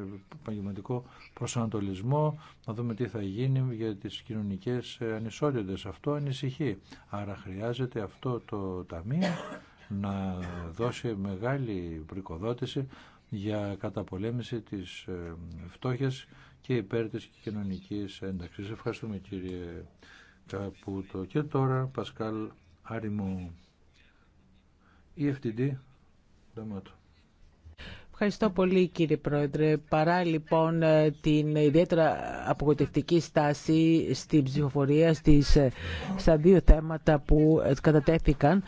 επαγγελματικό προσανατολισμό να δούμε τι θα γίνει για τις κοινωνικές ανισότητες. Αυτό ανησυχεί. Άρα χρειάζεται αυτό το ταμείο να δώσει μεγάλη πρικοδότηση για καταπολέμηση της φτώχειας και υπέρ της κοινωνικής ένταξης. Ευχαριστούμε κύριε Καπούτο. Και τώρα Πασκάλ Άρημο. Ευχαριστώ πολύ κύριε Πρόεδρε. Παρά λοιπόν ε, την ιδιαίτερα απογοητευτική στάση στην ψηφοφορία στις, ε, στα δύο θέματα που ε, κατατέθηκαν,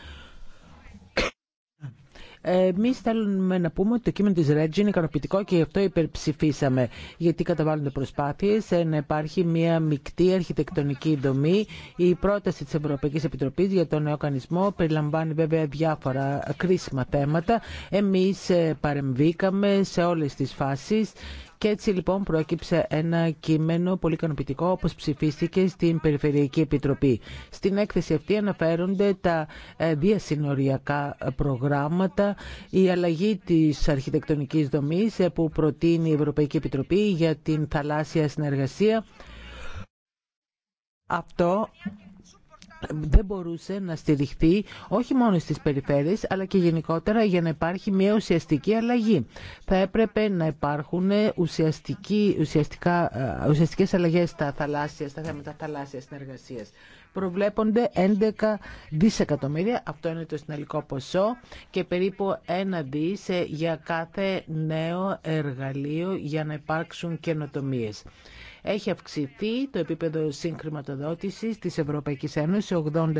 Εμεί θέλουμε να πούμε ότι το κείμενο τη Ρέτζι είναι ικανοποιητικό και γι' αυτό υπερψηφίσαμε. Γιατί καταβάλλονται προσπάθειε ε, να υπάρχει μια μεικτή αρχιτεκτονική δομή. Η πρόταση τη Ευρωπαϊκή Επιτροπή για τον νέο κανισμό περιλαμβάνει βέβαια διάφορα κρίσιμα θέματα. Εμεί ε, παρεμβήκαμε σε όλε τι φάσει και έτσι λοιπόν πρόκυψε ένα κείμενο πολύ ικανοποιητικό όπως ψηφίστηκε στην Περιφερειακή Επιτροπή. Στην έκθεση αυτή αναφέρονται τα ε, διασυνοριακά προγράμματα, η αλλαγή της αρχιτεκτονικής δομής ε, που προτείνει η Ευρωπαϊκή Επιτροπή για την θαλάσσια συνεργασία. Αυτό δεν μπορούσε να στηριχθεί όχι μόνο στις περιφέρειες αλλά και γενικότερα για να υπάρχει μια ουσιαστική αλλαγή. Θα έπρεπε να υπάρχουν ουσιαστικέ αλλαγέ ε, ουσιαστικές αλλαγές στα, θαλάσσια, στα θέματα θαλάσσια συνεργασία. Προβλέπονται 11 δισεκατομμύρια, αυτό είναι το συνολικό ποσό, και περίπου ένα δις ε, για κάθε νέο εργαλείο για να υπάρξουν καινοτομίες. Έχει αυξηθεί το επίπεδο συγχρηματοδότησης της Ευρωπαϊκής Ένωσης 80%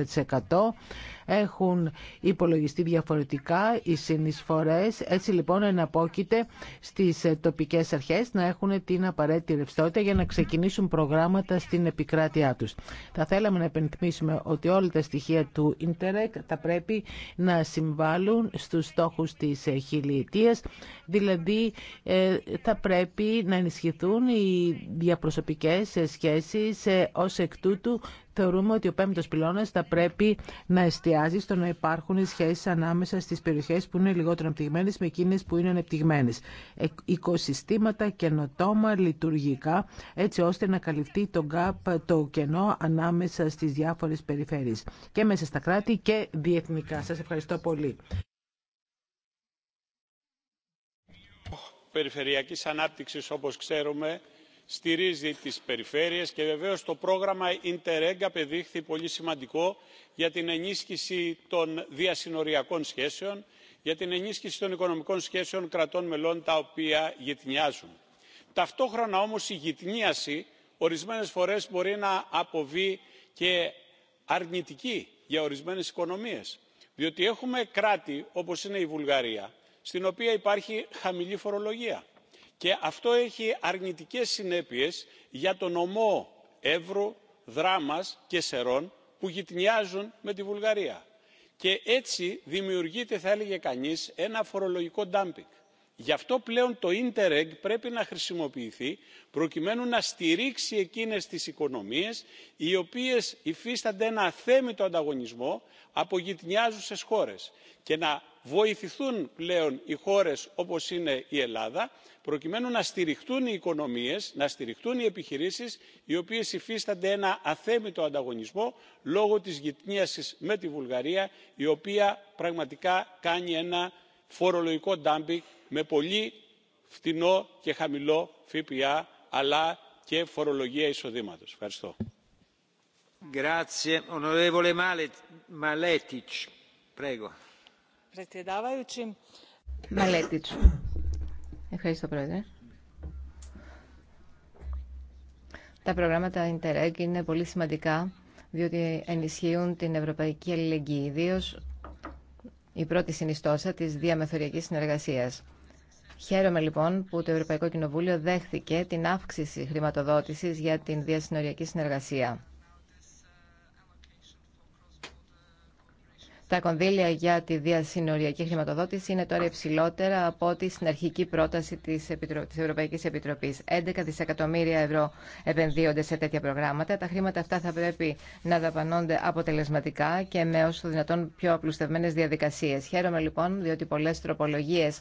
έχουν υπολογιστεί διαφορετικά οι συνεισφορές. Έτσι λοιπόν εναπόκειται στις ε, τοπικές αρχές να έχουν την απαραίτητη ρευστότητα για να ξεκινήσουν προγράμματα στην επικράτειά τους. Θα θέλαμε να επενθυμίσουμε ότι όλα τα στοιχεία του Ιντερεκ θα πρέπει να συμβάλλουν στους στόχους της ε, χιλιετίας, δηλαδή ε, θα πρέπει να ενισχυθούν οι διαπροσωπικές σχέσεις ως εκ τούτου θεωρούμε ότι ο πέμπτο πυλώνα θα πρέπει να εστιάζει στο να υπάρχουν σχέσει ανάμεσα στις περιοχές που είναι λιγότερο ανεπτυγμένες με εκείνες που είναι ανεπτυγμένε. Ε, οικοσυστήματα καινοτόμα, λειτουργικά, έτσι ώστε να καλυφθεί το gap, το κενό ανάμεσα στις διάφορες περιφέρειες και μέσα στα κράτη και διεθνικά. Σα ευχαριστώ πολύ. Περιφερειακής ανάπτυξης, όπως ξέρουμε, στηρίζει τις περιφέρειες και βεβαίως το πρόγραμμα interreg απεδείχθη πολύ σημαντικό για την ενίσχυση των διασυνοριακών σχέσεων για την ενίσχυση των οικονομικών σχέσεων κρατών μελών τα οποία γυτνιάζουν. ταυτόχρονα όμως η γυτνίαση ορισμένες φορές μπορεί να αποβεί και αρνητική για ορισμένες οικονομίες διότι έχουμε κράτη όπως είναι η βουλγαρία στην οποία υπάρχει χαμηλή φορολογία και αυτό έχει αρνητικές συνέπειες για τον ομό εύρου δράμας και σερών που γυτνιάζουν με τη βουλγαρία και έτσι δημιουργείται θα έλεγε κανείς ένα φορολογικό ντάμπινγκ γι' αυτό πλέον το interreg πρέπει να χρησιμοποιηθεί προκειμένου να στηρίξει εκείνες τις οικονομίες οι οποίες υφίστανται ένα αθέμητο ανταγωνισμό από γειτονιάζουσες χώρες και να βοηθηθούν πλέον οι χώρες όπως είναι η ελλάδα προκειμένου να στηριχτούν οι οικονομίες να στηριχτούν οι επιχειρήσεις οι οποίες υφίστανται ένα αθέμητο ανταγωνισμό λόγω της γειτονίασης με τη βουλγαρία η οποία πραγματικά κάνει ένα φορολογικό dumping με πολύ φτηνό και χαμηλό ΦΠΑ αλλά και φορολογία εισοδήματος. Ευχαριστώ. Τα προγράμματα Interreg είναι πολύ σημαντικά διότι ενισχύουν την ευρωπαϊκή αλληλεγγύη, ιδίω η πρώτη συνιστόσα της διαμεθοριακής συνεργασίας. Χαίρομαι λοιπόν που το Ευρωπαϊκό Κοινοβούλιο δέχθηκε την αύξηση χρηματοδότησης για την διασυνοριακή συνεργασία. Τα κονδύλια για τη διασυνοριακή χρηματοδότηση είναι τώρα υψηλότερα από ό,τι στην αρχική πρόταση τη Επιτρο... της Ευρωπαϊκής Επιτροπής. 11 δισεκατομμύρια ευρώ επενδύονται σε τέτοια προγράμματα. Τα χρήματα αυτά θα πρέπει να δαπανώνται αποτελεσματικά και με όσο δυνατόν πιο απλουστευμένες διαδικασίε. Χαίρομαι λοιπόν διότι πολλέ τροπολογίε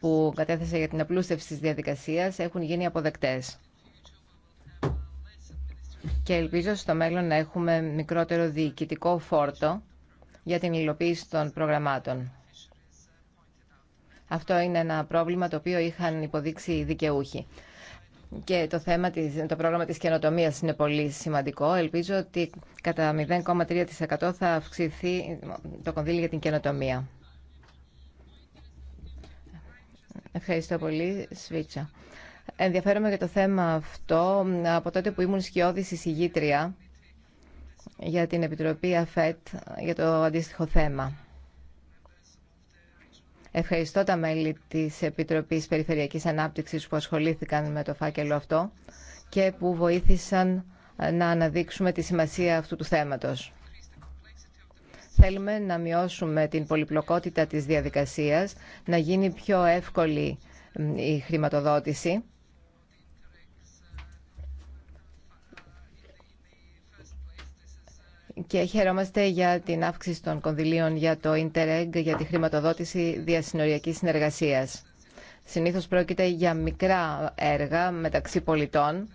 που κατέθεσα για την απλούστευση τη διαδικασία έχουν γίνει αποδεκτέ. και ελπίζω στο μέλλον να έχουμε μικρότερο διοικητικό φόρτο για την υλοποίηση των προγραμμάτων. Αυτό είναι ένα πρόβλημα το οποίο είχαν υποδείξει οι δικαιούχοι. Και το, θέμα, το πρόγραμμα της καινοτομία είναι πολύ σημαντικό. Ελπίζω ότι κατά 0,3% θα αυξηθεί το κονδύλι για την καινοτομία. Ευχαριστώ πολύ, Σβίτσα. Ενδιαφέρομαι για το θέμα αυτό από τότε που ήμουν σκιώδης εισηγήτρια για την Επιτροπή ΑΦΕΤ για το αντίστοιχο θέμα. Ευχαριστώ τα μέλη της Επιτροπής Περιφερειακής Ανάπτυξης που ασχολήθηκαν με το φάκελο αυτό και που βοήθησαν να αναδείξουμε τη σημασία αυτού του θέματος. Θέλουμε να μειώσουμε την πολυπλοκότητα της διαδικασίας, να γίνει πιο εύκολη η χρηματοδότηση και χαιρόμαστε για την αύξηση των κονδυλίων για το Interreg για τη χρηματοδότηση διασυνοριακής συνεργασίας. Συνήθως πρόκειται για μικρά έργα μεταξύ πολιτών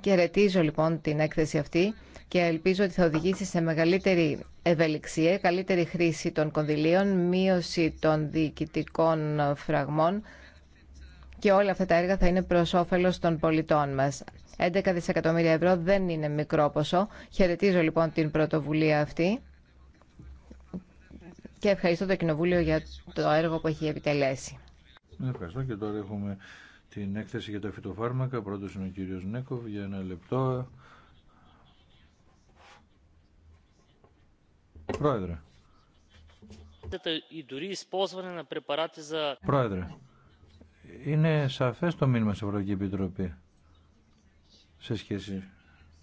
και λοιπόν την έκθεση αυτή και ελπίζω ότι θα οδηγήσει σε μεγαλύτερη ευελιξία, καλύτερη χρήση των κονδυλίων, μείωση των διοικητικών φραγμών και όλα αυτά τα έργα θα είναι προ όφελο των πολιτών μα. 11 δισεκατομμύρια ευρώ δεν είναι μικρό ποσό. Χαιρετίζω λοιπόν την πρωτοβουλία αυτή και ευχαριστώ το Κοινοβούλιο για το έργο που έχει επιτελέσει. Ευχαριστώ και τώρα έχουμε την έκθεση για τα φυτοφάρμακα. Πρώτος είναι ο κύριος Νέκοβ για ένα λεπτό. Πρόεδρε. Πρόεδρε. Είναι σαφές το μήνυμα σε Ευρωπαϊκή Επιτροπή σε σχέση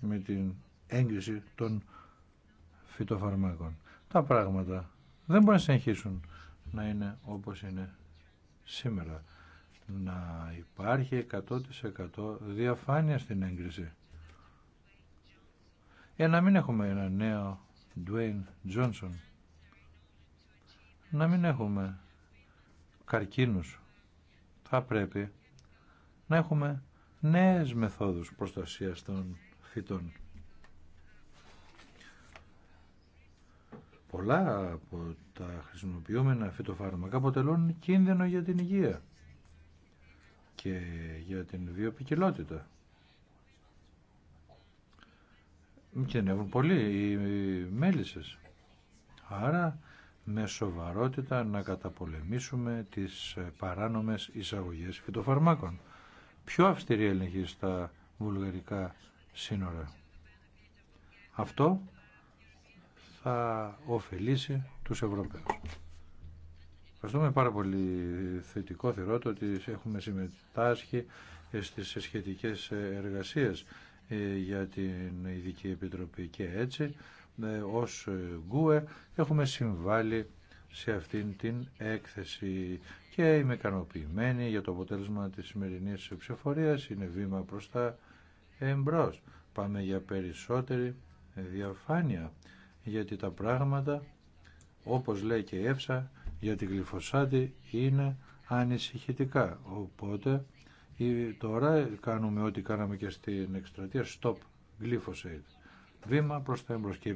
με την έγκριση των φυτοφαρμάκων. Τα πράγματα δεν μπορεί να συνεχίσουν να είναι όπως είναι σήμερα. Να υπάρχει 100% διαφάνεια στην έγκριση. Για να μην έχουμε ένα νέο Dwayne Johnson. Να μην έχουμε καρκίνους θα πρέπει να έχουμε νέες μεθόδους προστασίας των φυτών. Πολλά από τα χρησιμοποιούμενα φυτοφάρμακα αποτελούν κίνδυνο για την υγεία και για την βιοπικιλότητα. Κινδυνεύουν πολύ οι μέλισσες. Άρα με σοβαρότητα να καταπολεμήσουμε τις ε, παράνομες εισαγωγές φυτοφαρμάκων. Πιο αυστηρή έλεγχη στα βουλγαρικά σύνορα. Αυτό θα ωφελήσει τους Ευρωπαίους. Ευχαριστούμε πάρα πολύ θετικό θεωρώ το ότι έχουμε συμμετάσχει ε, στις σχετικές ε, εργασίες για την Ειδική Επιτροπή και έτσι ναι, ως ε, Γκουε έχουμε συμβάλει σε αυτήν την έκθεση και είμαι ικανοποιημένη για το αποτέλεσμα της σημερινής ψηφορία. είναι βήμα προς τα εμπρός. Πάμε για περισσότερη διαφάνεια γιατί τα πράγματα όπως λέει και η Εύσα για τη γλυφοσάτη είναι ανησυχητικά. Οπότε τώρα κάνουμε ό,τι κάναμε και στην εκστρατεία Stop Glyphosate βήμα προς τα έμπρος και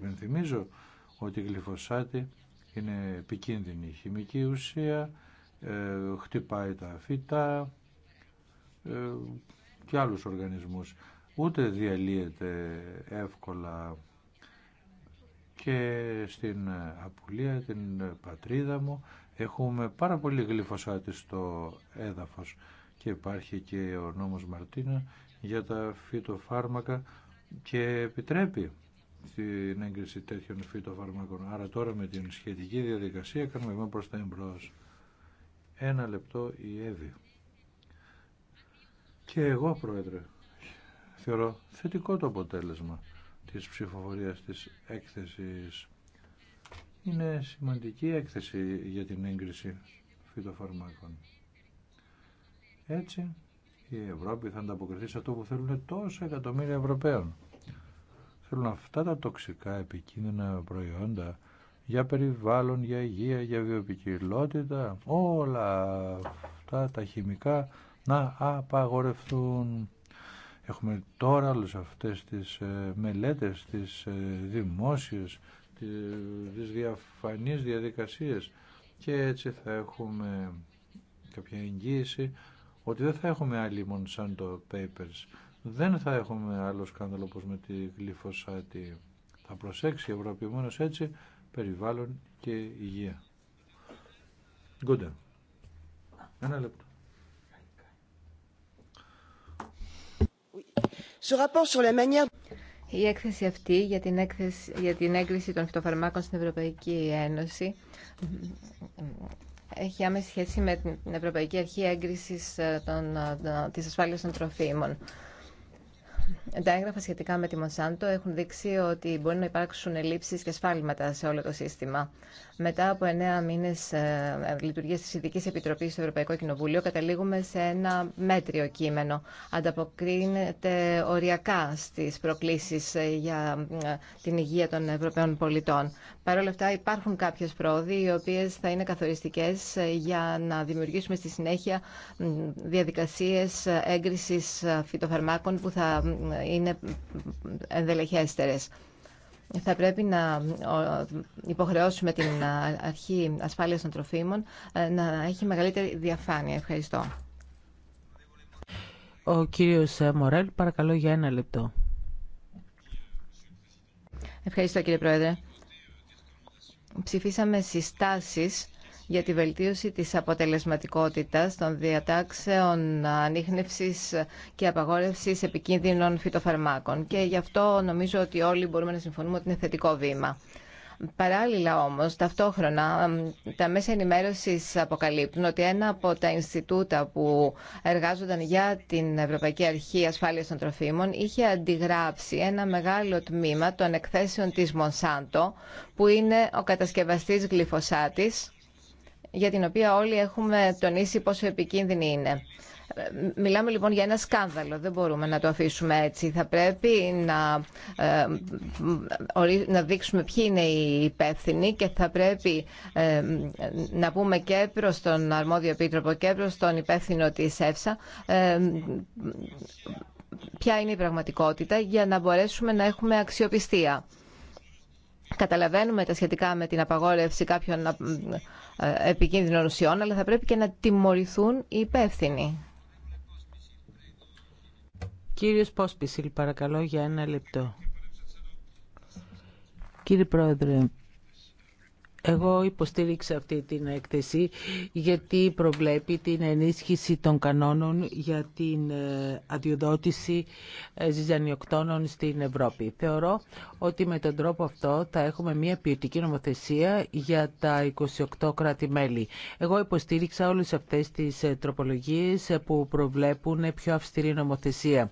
ότι η γλυφοσάτη είναι επικίνδυνη χημική ουσία, ε, χτυπάει τα φύτα ε, και άλλους οργανισμούς. Ούτε διαλύεται εύκολα και στην Απουλία, την πατρίδα μου, έχουμε πάρα πολύ γλυφοσάτη στο έδαφος και υπάρχει και ο νόμος Μαρτίνα για τα φυτοφάρμακα και επιτρέπει την έγκριση τέτοιων φυτοφαρμάκων. Άρα τώρα με την σχετική διαδικασία κάνουμε μόνο προς τα εμπρός. Ένα λεπτό η Εύη. Και εγώ, Πρόεδρε, θεωρώ θετικό το αποτέλεσμα της ψηφοφορίας της έκθεσης. Είναι σημαντική έκθεση για την έγκριση φυτοφαρμάκων. Έτσι η Ευρώπη θα ανταποκριθεί σε αυτό που θέλουν τόσα εκατομμύρια Ευρωπαίων. Θέλουν αυτά τα τοξικά επικίνδυνα προϊόντα για περιβάλλον, για υγεία, για βιοπικιλότητα, όλα αυτά τα χημικά να απαγορευτούν. Έχουμε τώρα όλες αυτές τις ε, μελέτες, τις ε, δημόσιες, τις διαφανείς διαδικασίες και έτσι θα έχουμε κάποια εγγύηση ότι δεν θα έχουμε άλλη Monsanto Papers, δεν θα έχουμε άλλο σκάνδαλο όπως με τη γλυφοσάτη. Θα προσέξει η Ευρώπη μόνος έτσι περιβάλλον και υγεία. Γκούντα. Ένα λεπτό. Η έκθεση αυτή για την, έκθεση, για την έγκριση των φυτοφαρμάκων στην Ευρωπαϊκή Ένωση έχει άμεση σχέση με την Ευρωπαϊκή Αρχή Έγκρισης ε, ε, τη ασφάλεια Ασφάλειας των Τροφίμων. Τα έγγραφα σχετικά με τη Μονσάντο έχουν δείξει ότι μπορεί να υπάρξουν ελλείψεις και σφάλματα σε όλο το σύστημα. Μετά από εννέα μήνε λειτουργία τη Ειδική Επιτροπή στο Ευρωπαϊκό Κοινοβούλιο, καταλήγουμε σε ένα μέτριο κείμενο. Ανταποκρίνεται οριακά στι προκλήσει ε, για ε, την υγεία των Ευρωπαίων πολιτών. Παρ' όλα αυτά, υπάρχουν κάποιε πρόοδοι, οι οποίε θα είναι καθοριστικέ ε, για να δημιουργήσουμε στη συνέχεια διαδικασίε έγκριση φυτοφαρμάκων που θα είναι ενδελεχέστερες θα πρέπει να υποχρεώσουμε την Αρχή Ασφάλειας των Τροφίμων ε, να έχει μεγαλύτερη διαφάνεια. Ευχαριστώ. Ο κύριος ε, Μορέλ, παρακαλώ για ένα λεπτό. Ευχαριστώ κύριε Πρόεδρε. Ψηφίσαμε συστάσεις για τη βελτίωση της αποτελεσματικότητας των διατάξεων ανείχνευσης και απαγόρευσης επικίνδυνων φυτοφαρμάκων. Και γι' αυτό νομίζω ότι όλοι μπορούμε να συμφωνούμε ότι είναι θετικό βήμα. Παράλληλα όμως, ταυτόχρονα, τα μέσα ενημέρωσης αποκαλύπτουν ότι ένα από τα Ινστιτούτα που εργάζονταν για την Ευρωπαϊκή Αρχή Ασφάλειας των Τροφίμων είχε αντιγράψει ένα μεγάλο τμήμα των εκθέσεων της Μονσάντο, που είναι ο κατασκευαστής γλυφοσάτης για την οποία όλοι έχουμε τονίσει πόσο επικίνδυνη είναι. Μιλάμε λοιπόν για ένα σκάνδαλο. Δεν μπορούμε να το αφήσουμε έτσι. Θα πρέπει να, ε, να δείξουμε ποιοι είναι οι υπεύθυνοι και θα πρέπει ε, να πούμε και προς τον αρμόδιο επίτροπο και προς τον υπεύθυνο της ΕΦΣΑ ε, ποια είναι η πραγματικότητα για να μπορέσουμε να έχουμε αξιοπιστία. Καταλαβαίνουμε τα σχετικά με την απαγόρευση κάποιων ε, επικίνδυνων ουσιών, αλλά θα πρέπει και να τιμωρηθούν οι υπεύθυνοι. Κύριος Πόσπισιλ, παρακαλώ για ένα λεπτό. Κύριε Πρόεδρε, εγώ υποστήριξα αυτή την έκθεση γιατί προβλέπει την ενίσχυση των κανόνων για την ε, αδειοδότηση ε, ζυζανιοκτώνων στην Ευρώπη. Θεωρώ ότι με τον τρόπο αυτό θα έχουμε μια ποιοτική νομοθεσία για τα 28 κράτη-μέλη. Εγώ υποστήριξα όλες αυτές τις ε, τροπολογίες που προβλέπουν πιο αυστηρή νομοθεσία.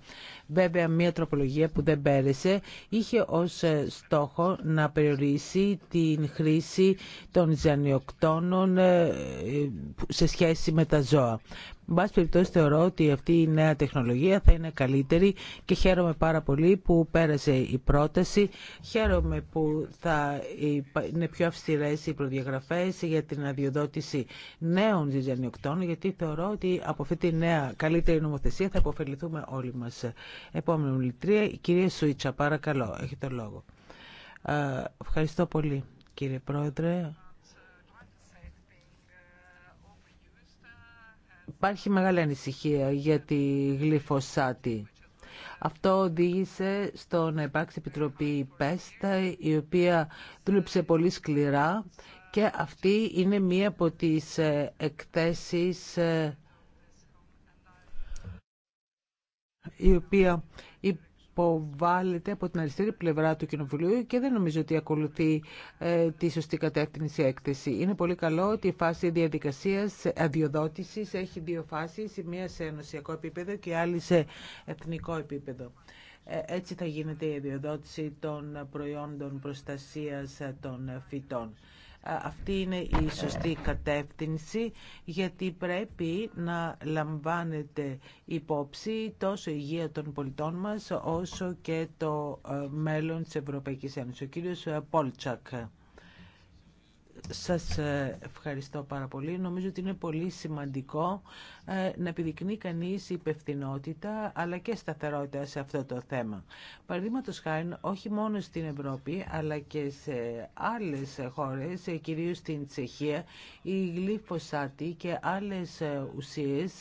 Βέβαια, μια τροπολογία που δεν πέρασε είχε ως ε, στόχο να περιορίσει την χρήση των ζανιοκτώνων ε, ε, σε σχέση με τα ζώα. Εν πάση περιπτώσει θεωρώ ότι αυτή η νέα τεχνολογία θα είναι καλύτερη και χαίρομαι πάρα πολύ που πέρασε η πρόταση. Χαίρομαι που θα είναι πιο αυστηρές οι προδιαγραφές για την αδειοδότηση νέων ζυζανιοκτών γιατί θεωρώ ότι από αυτή τη νέα καλύτερη νομοθεσία θα υποφεληθούμε όλοι μας. Επόμενη μιλητρία, η κυρία Σουίτσα, παρακαλώ, έχει το λόγο. Ε, ευχαριστώ πολύ κύριε Πρόεδρε. Υπάρχει μεγάλη ανησυχία για τη γλυφοσάτη. Αυτό οδήγησε στο να υπάρξει επιτροπή ΠΕΣΤΑ, η οποία δούλεψε πολύ σκληρά και αυτή είναι μία από τις ε, εκθέσεις ε, η οποία υποβάλλεται από την αριστερή πλευρά του Κοινοβουλίου και δεν νομίζω ότι ακολουθεί ε, τη σωστή κατεύθυνση έκθεση. Είναι πολύ καλό ότι η φάση διαδικασίας ε, αδειοδότηση έχει δύο φάσεις, η μία σε ενωσιακό επίπεδο και η άλλη σε εθνικό επίπεδο. Ε, έτσι θα γίνεται η αδειοδότηση των προϊόντων προστασίας των φυτών. Αυτή είναι η σωστή κατεύθυνση γιατί πρέπει να λαμβάνεται υπόψη τόσο η υγεία των πολιτών μας όσο και το ε, μέλλον της Ευρωπαϊκής Ένωσης. Ο κύριος ε, Πόλτσακ. Σας ε, ευχαριστώ πάρα πολύ. Νομίζω ότι είναι πολύ σημαντικό ε, να επιδεικνύει κανείς υπευθυνότητα αλλά και σταθερότητα σε αυτό το θέμα. Παραδείγματος χάρη όχι μόνο στην Ευρώπη αλλά και σε άλλες χώρες, ε, κυρίως στην Τσεχία, η γλυφοσάτη και άλλες ουσίες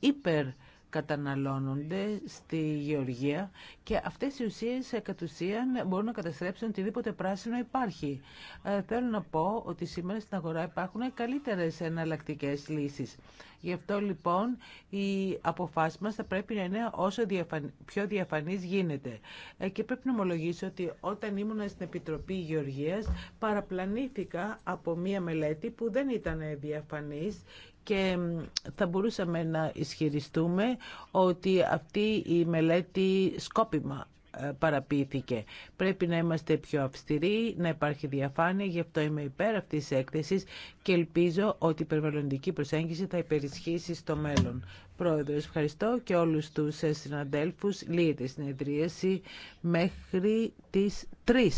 υπερ καταναλώνονται στη γεωργία και αυτές οι ουσίες κατ' ουσίαν μπορούν να καταστρέψουν οτιδήποτε πράσινο υπάρχει. Ε, θέλω να πω ότι σήμερα στην αγορά υπάρχουν καλύτερες εναλλακτικέ λύσεις. Γι' αυτό λοιπόν η αποφάσεις μας θα πρέπει να είναι όσο πιο διαφανής γίνεται. Ε, και πρέπει να ομολογήσω ότι όταν ήμουν στην Επιτροπή Γεωργίας παραπλανήθηκα από μία μελέτη που δεν ήταν διαφανής και θα μπορούσαμε να ισχυριστούμε ότι αυτή η μελέτη σκόπιμα ε, παραποιήθηκε. Πρέπει να είμαστε πιο αυστηροί, να υπάρχει διαφάνεια, γι' αυτό είμαι υπέρ αυτής της έκθεσης και ελπίζω ότι η περιβαλλοντική προσέγγιση θα υπερισχύσει στο μέλλον. Πρόεδρος, ευχαριστώ και όλους τους ε, συναντέλφου. Λύεται η συνεδρίαση μέχρι τις 3.